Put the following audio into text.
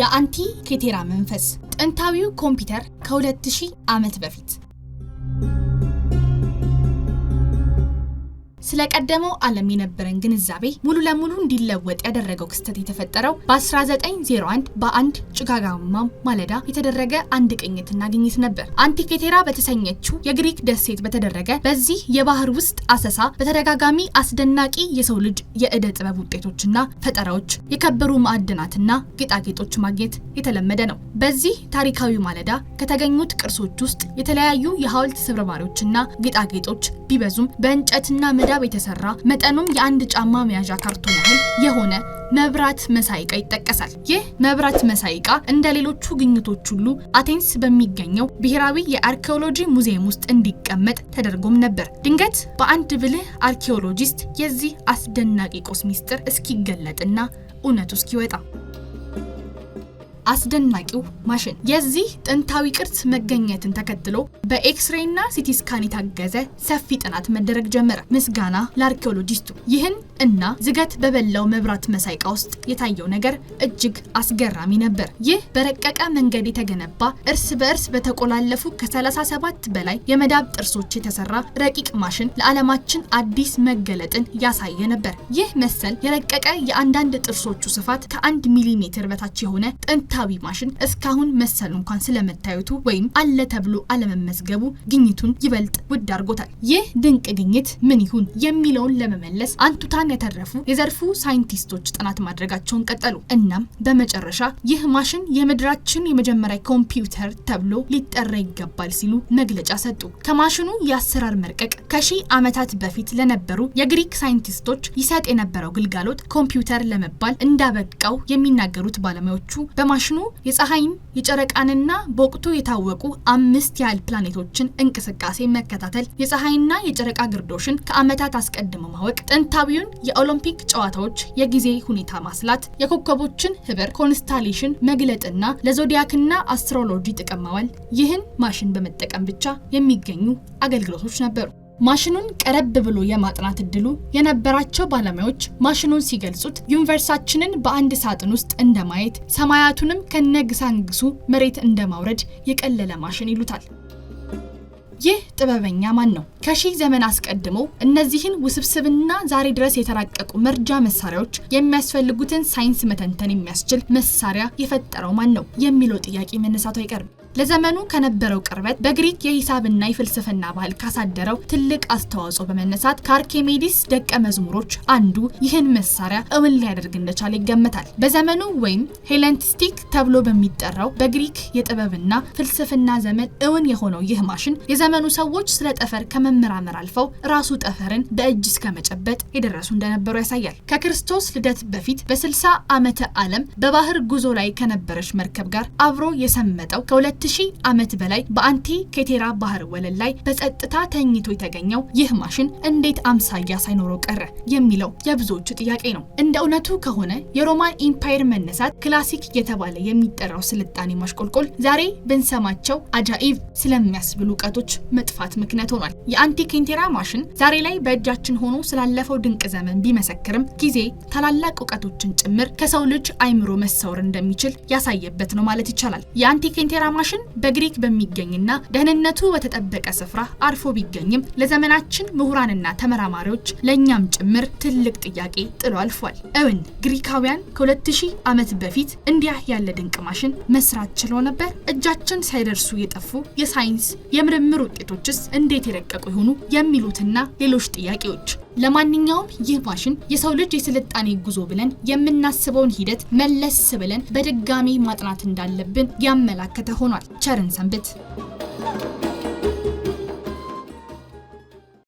የአንቲ ኬቴራ መንፈስ ጥንታዊው ኮምፒውተር ከ2000 ዓመት በፊት ስለ ቀደመው ዓለም የነበረን ግንዛቤ ሙሉ ለሙሉ እንዲለወጥ ያደረገው ክስተት የተፈጠረው በ1901 በአንድ ጭጋጋማ ማለዳ የተደረገ አንድ ቅኝትና ግኝት ነበር። አንቲኬቴራ በተሰኘችው የግሪክ ደሴት በተደረገ በዚህ የባህር ውስጥ አሰሳ በተደጋጋሚ አስደናቂ የሰው ልጅ የእደ ጥበብ ውጤቶችና ፈጠራዎች፣ የከበሩ ማዕድናትና ጌጣጌጦች ማግኘት የተለመደ ነው። በዚህ ታሪካዊ ማለዳ ከተገኙት ቅርሶች ውስጥ የተለያዩ የሐውልት ስብርባሪዎችና ጌጣጌጦች ቢበዙም በእንጨትና መዳ ከጥበብ የተሰራ መጠኑም የአንድ ጫማ መያዣ ካርቶን ያህል የሆነ መብራት መሳይ ዕቃ ይጠቀሳል። ይህ መብራት መሳይ ዕቃ እንደ ሌሎቹ ግኝቶች ሁሉ አቴንስ በሚገኘው ብሔራዊ የአርኪኦሎጂ ሙዚየም ውስጥ እንዲቀመጥ ተደርጎም ነበር። ድንገት በአንድ ብልህ አርኪኦሎጂስት የዚህ አስደናቂ ቁስ ሚስጥር እስኪገለጥና እውነቱ እስኪወጣ አስደናቂው ማሽን። የዚህ ጥንታዊ ቅርስ መገኘትን ተከትሎ በኤክስሬና ሲቲ ስካን የታገዘ ሰፊ ጥናት መደረግ ጀመረ። ምስጋና ለአርኪኦሎጂስቱ። ይህን እና ዝገት በበላው መብራት መሳይ እቃ ውስጥ የታየው ነገር እጅግ አስገራሚ ነበር። ይህ በረቀቀ መንገድ የተገነባ እርስ በእርስ በተቆላለፉ ከ37 በላይ የመዳብ ጥርሶች የተሰራ ረቂቅ ማሽን ለዓለማችን አዲስ መገለጥን ያሳየ ነበር። ይህ መሰል የረቀቀ የአንዳንድ ጥርሶቹ ስፋት ከአንድ ሚሊሜትር በታች የሆነ ጥንታ ሳቢ ማሽን እስካሁን መሰሉ እንኳን ስለመታየቱ ወይም አለ ተብሎ አለመመዝገቡ ግኝቱን ይበልጥ ውድ አድርጎታል። ይህ ድንቅ ግኝት ምን ይሁን የሚለውን ለመመለስ አንቱታን ያተረፉ የዘርፉ ሳይንቲስቶች ጥናት ማድረጋቸውን ቀጠሉ። እናም በመጨረሻ ይህ ማሽን የምድራችን የመጀመሪያ ኮምፒውተር ተብሎ ሊጠራ ይገባል ሲሉ መግለጫ ሰጡ። ከማሽኑ የአሰራር መርቀቅ ከሺህ ዓመታት በፊት ለነበሩ የግሪክ ሳይንቲስቶች ይሰጥ የነበረው ግልጋሎት ኮምፒውተር ለመባል እንዳበቃው የሚናገሩት ባለሙያዎቹ በማሽ ኮሚሽኑ የፀሐይን የጨረቃንና በወቅቱ የታወቁ አምስት ያህል ፕላኔቶችን እንቅስቃሴ መከታተል፣ የፀሐይና የጨረቃ ግርዶሽን ከዓመታት አስቀድሞ ማወቅ፣ ጥንታዊውን የኦሎምፒክ ጨዋታዎች የጊዜ ሁኔታ ማስላት፣ የኮከቦችን ህብር ኮንስታሌሽን መግለጥና ለዞዲያክና አስትሮሎጂ ጥቅም ማዋል፣ ይህን ማሽን በመጠቀም ብቻ የሚገኙ አገልግሎቶች ነበሩ። ማሽኑን ቀረብ ብሎ የማጥናት እድሉ የነበራቸው ባለሙያዎች ማሽኑን ሲገልጹት ዩኒቨርሳችንን በአንድ ሳጥን ውስጥ እንደማየት ሰማያቱንም ከነግሳንግሱ መሬት እንደማውረድ የቀለለ ማሽን ይሉታል። ይህ ጥበበኛ ማን ነው? ከሺህ ዘመን አስቀድሞ እነዚህን ውስብስብና ዛሬ ድረስ የተራቀቁ መርጃ መሳሪያዎች የሚያስፈልጉትን ሳይንስ መተንተን የሚያስችል መሳሪያ የፈጠረው ማን ነው የሚለው ጥያቄ መነሳቱ አይቀርም። ለዘመኑ ከነበረው ቅርበት በግሪክ የሂሳብና የፍልስፍና ባህል ካሳደረው ትልቅ አስተዋጽኦ በመነሳት ከአርኬሜዲስ ደቀ መዝሙሮች አንዱ ይህን መሳሪያ እውን ሊያደርግ እንደቻለ ይገመታል። በዘመኑ ወይም ሄለንቲስቲክ ተብሎ በሚጠራው በግሪክ የጥበብና ፍልስፍና ዘመን እውን የሆነው ይህ ማሽን የዘመኑ ሰዎች ስለ ጠፈር ከመመራመር አልፈው ራሱ ጠፈርን በእጅ እስከ መጨበጥ የደረሱ እንደነበሩ ያሳያል። ከክርስቶስ ልደት በፊት በ60 ዓመተ ዓለም በባህር ጉዞ ላይ ከነበረች መርከብ ጋር አብሮ የሰመጠው ከሁለት ሺህ ዓመት በላይ በአንቲ ኬቴራ ባህር ወለል ላይ በጸጥታ ተኝቶ የተገኘው ይህ ማሽን እንዴት አምሳያ ሳይኖረው ቀረ የሚለው የብዙዎቹ ጥያቄ ነው። እንደ እውነቱ ከሆነ የሮማን ኢምፓየር መነሳት፣ ክላሲክ የተባለ የሚጠራው ስልጣኔ ማሽቆልቆል ዛሬ ብንሰማቸው አጃኢቭ ስለሚያስብሉ እውቀቶች መጥፋት ምክንያት ሆኗል። የአንቲ ኬቴራ ማሽን ዛሬ ላይ በእጃችን ሆኖ ስላለፈው ድንቅ ዘመን ቢመሰክርም ጊዜ ታላላቅ እውቀቶችን ጭምር ከሰው ልጅ አይምሮ መሰወር እንደሚችል ያሳየበት ነው ማለት ይቻላል። የአንቲ ኬቴራ ማሽን ጌታችን በግሪክ በሚገኝና ደህንነቱ በተጠበቀ ስፍራ አርፎ ቢገኝም ለዘመናችን ምሁራንና ተመራማሪዎች ለእኛም ጭምር ትልቅ ጥያቄ ጥሎ አልፏል። እውን ግሪካውያን ከ2000 ዓመት በፊት እንዲያ ያለ ድንቅ ማሽን መስራት ችሎ ነበር? እጃችን ሳይደርሱ የጠፉ የሳይንስ የምርምር ውጤቶችስ እንዴት የረቀቁ ይሆኑ? የሚሉትና ሌሎች ጥያቄዎች ለማንኛውም ይህ ማሽን የሰው ልጅ የስልጣኔ ጉዞ ብለን የምናስበውን ሂደት መለስ ብለን በድጋሚ ማጥናት እንዳለብን ያመላከተ ሆኗል። ቸርን ሰንብት።